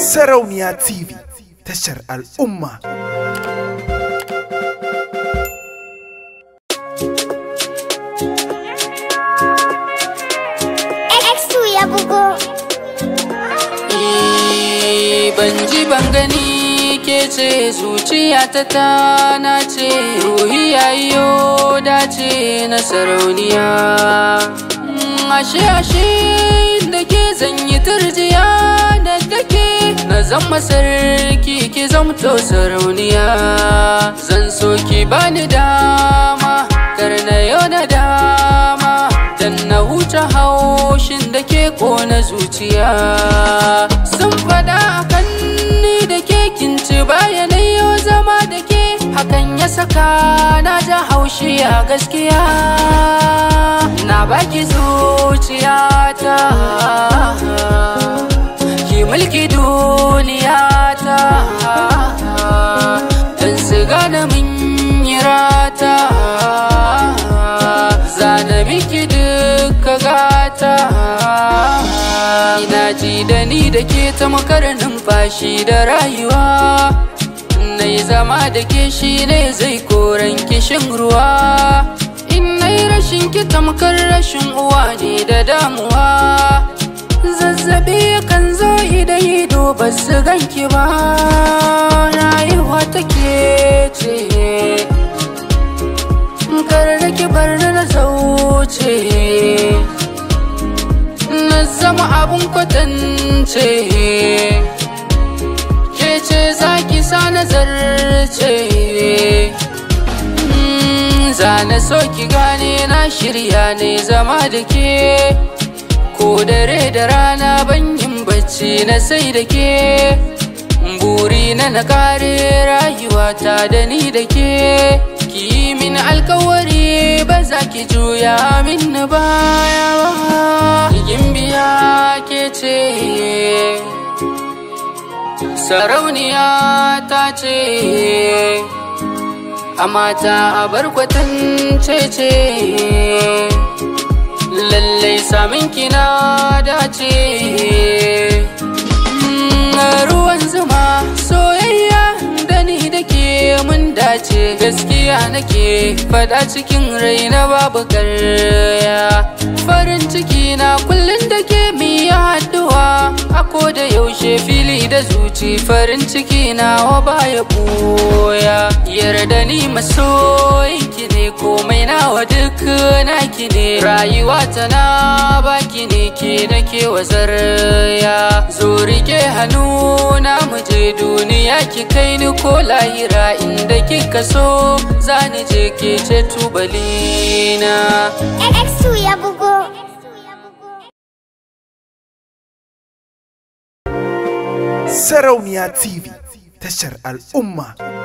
Sarauniya TV tashar al'umma. X2 ya bugo. Eh, ban ji ban gani ke ce zuciya ta tana na ce ruhi yayo dace na sarauniya. Mm, ashe ashe zan sarki ki zamto sarauniya zan so ki bani dama kar na yau na dama dan na huta haushin da ke kona zuciya sun fada akan ni da ke kinci bayanai yau zama da ke hakan ya saka na ja haushi a gaskiya na baki zuciyata miki duka gata Ina ji da ni da ke ta numfashi da rayuwa Na yi zama da ke shi ne zai koran kishin ruwa In yi rashin ki tamkar rashin uwa ne da damuwa Zazzabi kan zo da ido ba su ganki ba Rayuwa take ce ce na zama abun kwatance ke ce zaki sa nazarce mm, zane so ki gane na shirya ne zama da ke ko dare da rana ban yin bacci na sai da ke buri na na kare rayuwata da ni da ke ki juya min baya ba Kin biya ke ce Sarauniya ta ce Amma ta bar kwatance ce Lallai samin kina dace Ruwa mm, gaskiya ce gaskiya nake fada cikin raina babu karya farin ciki na kullum da ke miya haduwa a da yaushe fili da zuci farin ciki na wa baya boya yarda ni masoyi ne komai nawa duk naki ne rayuwa ta na baki ne ke ke wazar ya zo rike hannu na muje duniya ki kai ni ko lahira inda kika so zani je ke ce tubalina X2 ya bugo Sarauniya TV, tashar al'umma.